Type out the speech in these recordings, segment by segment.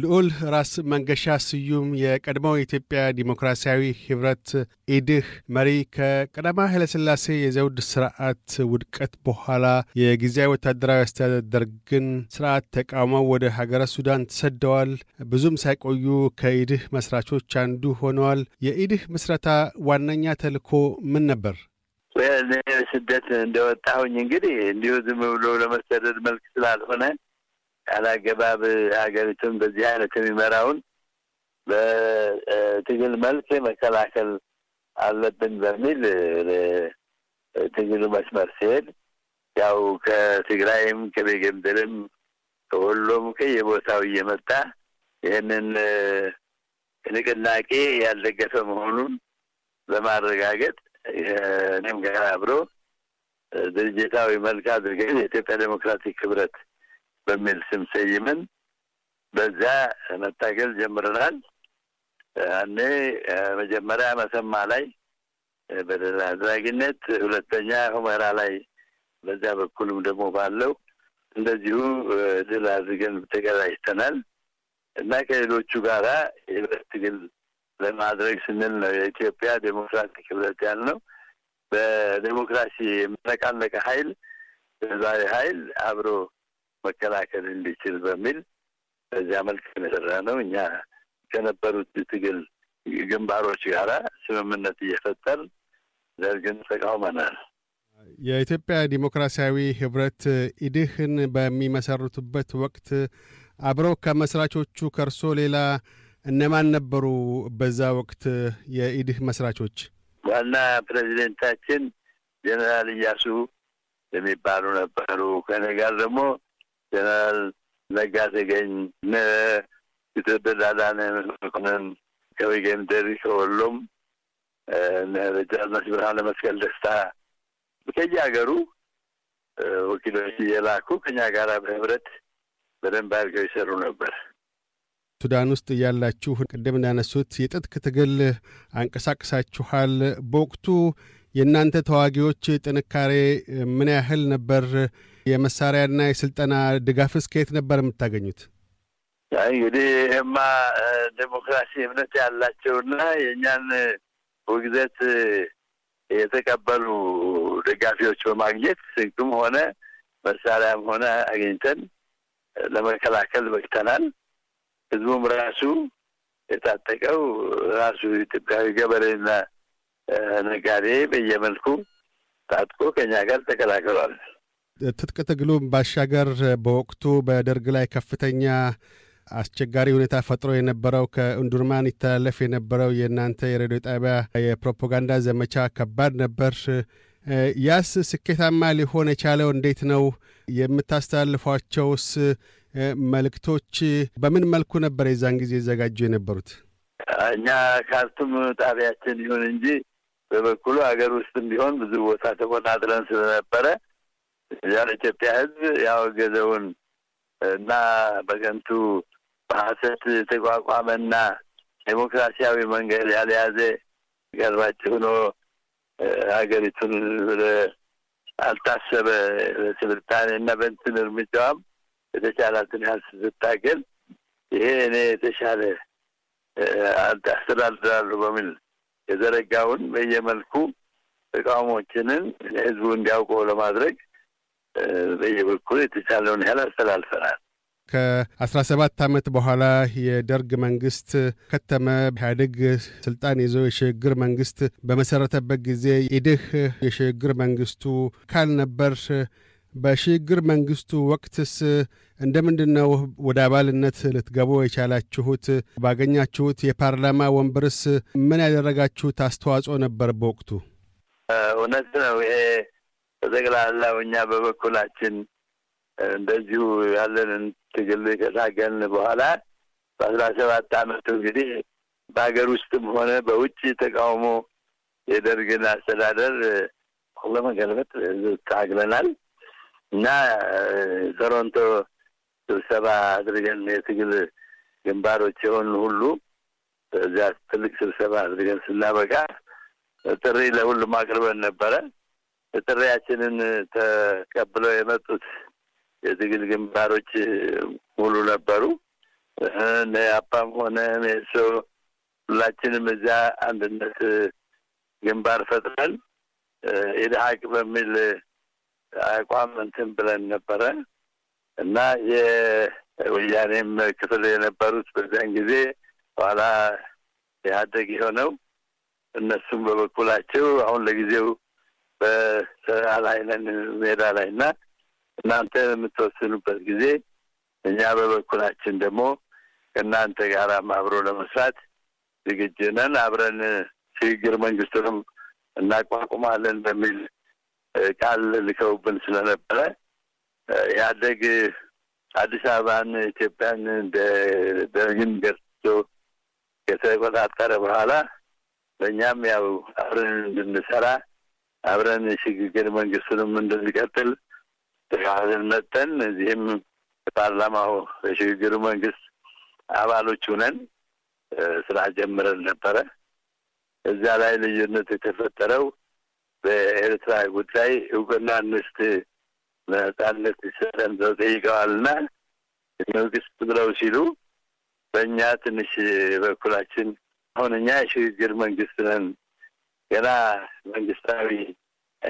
ልዑል ራስ መንገሻ ስዩም የቀድሞው የኢትዮጵያ ዲሞክራሲያዊ ህብረት ኢድህ መሪ ከቀዳማ ኃይለሥላሴ የዘውድ ስርዓት ውድቀት በኋላ የጊዜያዊ ወታደራዊ አስተዳደር ደርግን ስርዓት ተቃውመው ወደ ሀገረ ሱዳን ተሰደዋል። ብዙም ሳይቆዩ ከኢድህ መስራቾች አንዱ ሆነዋል። የኢድህ ምስረታ ዋነኛ ተልኮ ምን ነበር? ስደት እንደወጣሁኝ እንግዲህ እንዲሁ ዝም ብሎ ለመሰደድ መልክ ስላልሆነ ያላገባብ ሀገሪቱን በዚህ አይነት የሚመራውን በትግል መልክ መከላከል አለብን በሚል ትግሉ መስመር ሲሄድ ያው ከትግራይም ከቤጌምድርም ከወሎም ከየቦታው እየመጣ ይህንን ንቅናቄ ያልደገፈ መሆኑን በማረጋገጥ እኔም ጋር አብሮ ድርጅታዊ መልክ አድርገን የኢትዮጵያ ዴሞክራቲክ ህብረት በሚል ስም ሰይመን በዛ መታገል ጀምረናል። ያኔ መጀመሪያ መሰማ ላይ በደላ አድራጊነት፣ ሁለተኛ ሁመራ ላይ በዛ በኩልም ደግሞ ባለው እንደዚሁ ድል አድርገን ተቀዳጅተናል እና ከሌሎቹ ጋራ የህብረት ትግል ለማድረግ ስንል ነው የኢትዮጵያ ዴሞክራቲክ ህብረት ያልነው። በዴሞክራሲ የሚነቃነቀ ሀይል ህዝባዊ ሀይል አብሮ መከላከል እንዲችል በሚል በዚያ መልክ የሰራ ነው። እኛ ከነበሩት ትግል ግንባሮች ጋራ ስምምነት እየፈጠር ደርግን ተቃውመናል። የኢትዮጵያ ዲሞክራሲያዊ ህብረት ኢድህን በሚመሰርቱበት ወቅት አብረው ከመስራቾቹ ከእርሶ ሌላ እነማን ነበሩ? በዛ ወቅት የኢድህ መስራቾች ዋና ፕሬዚደንታችን ጀኔራል እያሱ የሚባሉ ነበሩ። ከኔ ጋር ደግሞ ጀነራል ነጋዴ ገኝ፣ ኢትዮጵያ ዳዳነ መኮንን፣ ከወጌም ደሪሶ ወሎም ጃዝማች ብርሃነ መስቀል ደስታ ከየሀገሩ ወኪሎች እየላኩ ከኛ ጋር በህብረት በደንብ አድርገው ይሰሩ ነበር። ሱዳን ውስጥ እያላችሁ ቅድም እንዳነሱት የትጥቅ ትግል አንቀሳቅሳችኋል። በወቅቱ የእናንተ ተዋጊዎች ጥንካሬ ምን ያህል ነበር? የመሳሪያና የስልጠና ድጋፍ እስከየት ነበር የምታገኙት? እንግዲህ ይህማ ዴሞክራሲ እምነት ያላቸውና የእኛን ውግዘት የተቀበሉ ደጋፊዎች በማግኘት ስንቅም ሆነ መሳሪያም ሆነ አግኝተን ለመከላከል በቅተናል። ህዝቡም ራሱ የታጠቀው ራሱ ኢትዮጵያዊ ገበሬና ነጋዴ በየመልኩ ታጥቆ ከኛ ጋር ተከላከሏል። ትጥቅ ትግሉም ባሻገር በወቅቱ በደርግ ላይ ከፍተኛ አስቸጋሪ ሁኔታ ፈጥሮ የነበረው ከእንዱርማን ይተላለፍ የነበረው የእናንተ የሬዲዮ ጣቢያ የፕሮፓጋንዳ ዘመቻ ከባድ ነበር። ያስ ስኬታማ ሊሆን የቻለው እንዴት ነው? የምታስተላልፏቸውስ መልእክቶች በምን መልኩ ነበር የዛን ጊዜ ይዘጋጁ የነበሩት? እኛ ካርቱም ጣቢያችን ይሁን እንጂ በበኩሉ ሀገር ውስጥም ቢሆን ብዙ ቦታ ተቆጣጥረን ስለነበረ ያው ኢትዮጵያ ህዝብ ያወገዘውን እና በከንቱ በሐሰት የተቋቋመና ዴሞክራሲያዊ መንገድ ያልያዘ ገርባጭ ሆኖ ሀገሪቱን ወደ አልታሰበ ስልጣኔ እና በንትን እርምጃዋም የተቻላትን ያህል ስትታገል ይሄ እኔ የተሻለ አስተዳድራሉ በሚል የዘረጋውን በየመልኩ ተቃውሞችንን ህዝቡ እንዲያውቀው ለማድረግ በየበኩል የተቻለውን ያህል አስተላልፈናል። ከአስራ ሰባት ዓመት በኋላ የደርግ መንግስት ከተመ። ኢህአዴግ ስልጣን ይዞ የሽግግር መንግስት በመሰረተበት ጊዜ ኢድህ የሽግግር መንግስቱ ካል ነበር። በሽግግር መንግስቱ ወቅትስ እንደምንድን ነው ወደ አባልነት ልትገቡ የቻላችሁት? ባገኛችሁት የፓርላማ ወንበርስ ምን ያደረጋችሁት አስተዋጽኦ ነበር በወቅቱ? እውነት ነው ይሄ በጠቅላላው እኛ በበኩላችን እንደዚሁ ያለንን ትግል ከታገልን በኋላ በአስራ ሰባት አመቱ እንግዲህ በሀገር ውስጥም ሆነ በውጭ ተቃውሞ የደርግን አስተዳደር ለመገልበጥ ታግለናል እና ቶሮንቶ ስብሰባ አድርገን የትግል ግንባሮች የሆኑ ሁሉ በዚያ ትልቅ ስብሰባ አድርገን ስናበቃ ጥሪ ለሁሉም አቅርበን ነበረ። ጥሪያችንን ተቀብለው የመጡት የትግል ግንባሮች ሙሉ ነበሩ። አፓም ሆነ ሜሶ ሁላችንም እዚያ አንድነት ግንባር ፈጥረን ኢድሀቅ በሚል አቋም እንትን ብለን ነበረ እና የወያኔም ክፍል የነበሩት በዚያን ጊዜ በኋላ ኢህአዴግ የሆነው እነሱም በበኩላቸው አሁን ለጊዜው በስራ ላይ ነን፣ ሜዳ ላይ እና እናንተ የምትወስኑበት ጊዜ እኛ በበኩላችን ደግሞ ከእናንተ ጋር አብሮ ለመስራት ዝግጁ ነን። አብረን ሽግግር መንግስትንም እናቋቁማለን በሚል ቃል ልከውብን ስለነበረ ያደግ አዲስ አበባን ኢትዮጵያን ደርግን ገርቶ ከተቆጣጠረ በኋላ በእኛም ያው አብረን እንድንሰራ አብረን የሽግግር መንግስቱንም እንድንቀጥል ተጋዝን መጠን እዚህም የፓርላማው የሽግግሩ መንግስት አባሎች ሁነን ስራ ጀምረን ነበረ። እዛ ላይ ልዩነት የተፈጠረው በኤርትራ ጉዳይ እውቅና እንስት ነጻነት ይሰጠን ብለው ጠይቀዋልና መንግስት ብለው ሲሉ በእኛ ትንሽ በኩላችን አሁን እኛ የሽግግር መንግስት ነን ገና መንግስታዊ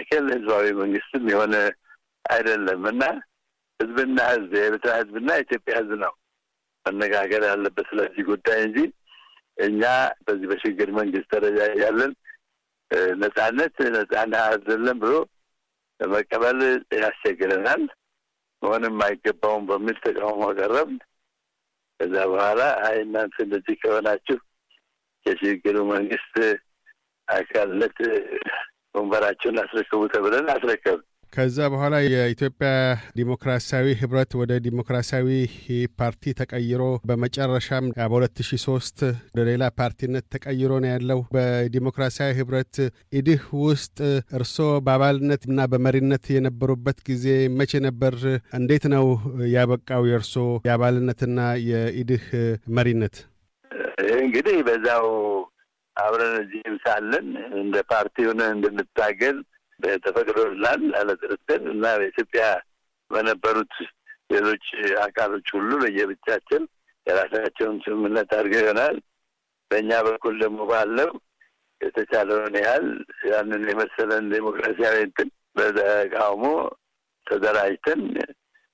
ክል ህዝባዊ መንግስትም የሆነ አይደለም እና ህዝብና ህዝብ የኤርትራ ህዝብና የኢትዮጵያ ህዝብ ነው መነጋገር ያለበት ስለዚህ ጉዳይ እንጂ እኛ በዚህ በሽግግር መንግስት ደረጃ ያለን ነጻነት ነጻና አይደለም ብሎ መቀበል ያስቸግረናል። መሆንም አይገባውም በሚል ተቃውሞ ቀረብ ከዛ በኋላ አይ እናንተ እንደዚህ ከሆናችሁ የሽግግሩ መንግስት አካለት ወንበራቸውን አስረክቡ ተብለን አስረከብ ከዛ በኋላ የኢትዮጵያ ዲሞክራሲያዊ ህብረት ወደ ዲሞክራሲያዊ ፓርቲ ተቀይሮ በመጨረሻም በሁለት ሺ ሶስት ወደ ሌላ ፓርቲነት ተቀይሮ ነው ያለው። በዲሞክራሲያዊ ህብረት ኢድህ ውስጥ እርሶ በአባልነት እና በመሪነት የነበሩበት ጊዜ መቼ ነበር? እንዴት ነው ያበቃው የእርሶ የአባልነትና የኢድህ መሪነት? እንግዲህ በዛው አብረን እዚህም ሳለን እንደ ፓርቲ ሆነ እንድንታገል ተፈቅዶላል አለጥርትን እና በኢትዮጵያ በነበሩት ሌሎች አካሎች ሁሉ በየብቻችን የራሳቸውን ስምምነት አድርገ ይሆናል። በእኛ በኩል ደግሞ ባለው የተቻለውን ያህል ያንን የመሰለን ዴሞክራሲያዊ እንትን በተቃውሞ ተደራጅተን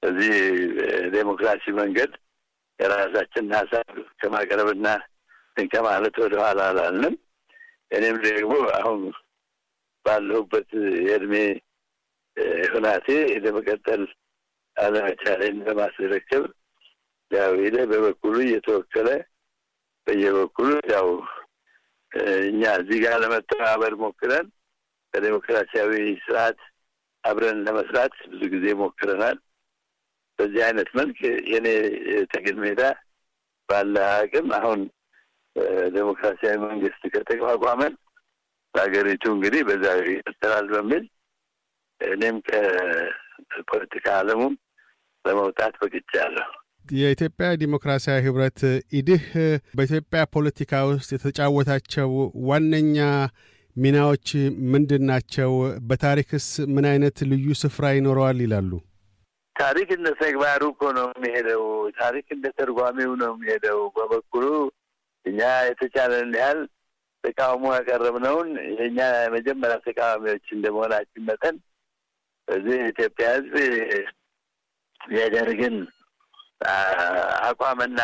እዚህ ዴሞክራሲ መንገድ የራሳችንን ሀሳብ ከማቅረብና ከማለት ወደኋላ ኋላ አላልንም። እኔም ደግሞ አሁን ባለሁበት የእድሜ ሁናቴ ለመቀጠል አለመቻሌን ለማስረከብ ያው ሄደ በበኩሉ እየተወከለ በየበኩሉ ያው እኛ እዚህ ጋር ለመተባበር ሞክረን በዴሞክራሲያዊ ስርዓት አብረን ለመስራት ብዙ ጊዜ ሞክረናል። በዚህ አይነት መልክ የኔ ትግል ሜዳ ባለ አቅም አሁን ዴሞክራሲያዊ መንግስት ከተቋቋመን በሀገሪቱ እንግዲህ በዛ ይቀጥላል በሚል እኔም ከፖለቲካ አለሙም ለመውጣት በቅቻለሁ። የኢትዮጵያ ዲሞክራሲያዊ ህብረት ኢድህ በኢትዮጵያ ፖለቲካ ውስጥ የተጫወታቸው ዋነኛ ሚናዎች ምንድን ናቸው? በታሪክስ ምን አይነት ልዩ ስፍራ ይኖረዋል ይላሉ? ታሪክ እንደ ተግባሩ እኮ ነው የሚሄደው። ታሪክ እንደ ተርጓሚው ነው የሚሄደው። በበኩሉ እኛ የተቻለን ያህል ተቃውሞ ያቀረብነውን የእኛ የመጀመሪያ ተቃዋሚዎች እንደመሆናችን መጠን በዚህ የኢትዮጵያ ሕዝብ የደርግን አቋምና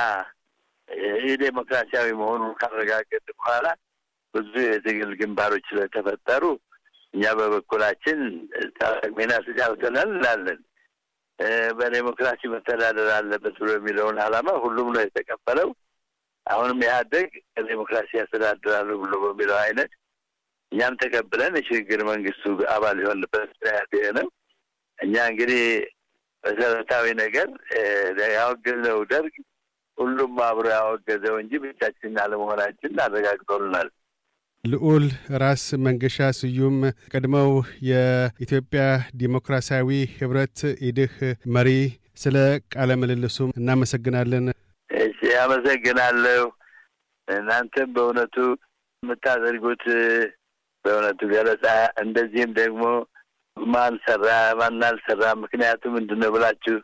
የዴሞክራሲያዊ መሆኑን ካረጋገጥ በኋላ ብዙ የትግል ግንባሮች ስለተፈጠሩ እኛ በበኩላችን ሚና ስጫውተናል እላለን። በዴሞክራሲ መተዳደር አለበት ብሎ የሚለውን አላማ ሁሉም ነው የተቀበለው። አሁንም ኢህአደግ ዴሞክራሲ ያስተዳድራሉ ብሎ በሚለው አይነት እኛም ተቀብለን የሽግግር መንግስቱ አባል የሆንበት ምክንያት ነው። እኛ እንግዲህ መሰረታዊ ነገር ያወገዝነው ደርግ ሁሉም አብሮ ያወገዘው እንጂ ብቻችን አለመሆናችን አረጋግጦልናል። ልዑል ራስ መንገሻ ስዩም ቀድመው የኢትዮጵያ ዲሞክራሲያዊ ህብረት ኢድህ መሪ፣ ስለ ቃለ ምልልሱም እናመሰግናለን። አመሰግናለሁ። እናንተም በእውነቱ የምታደርጉት በእውነቱ ገለጻ እንደዚህም ደግሞ ማን ሰራ ማን አልሰራ ምክንያቱ ምንድን ነው ብላችሁ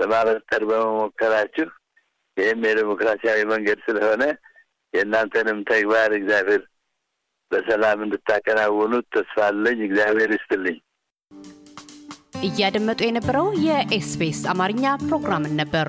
ለማበጠር በመሞከራችሁ ይህም የዴሞክራሲያዊ መንገድ ስለሆነ የእናንተንም ተግባር እግዚአብሔር በሰላም እንድታከናውኑት ተስፋ አለኝ። እግዚአብሔር ይስጥልኝ። እያደመጡ የነበረው የኤስቢኤስ አማርኛ ፕሮግራምን ነበር።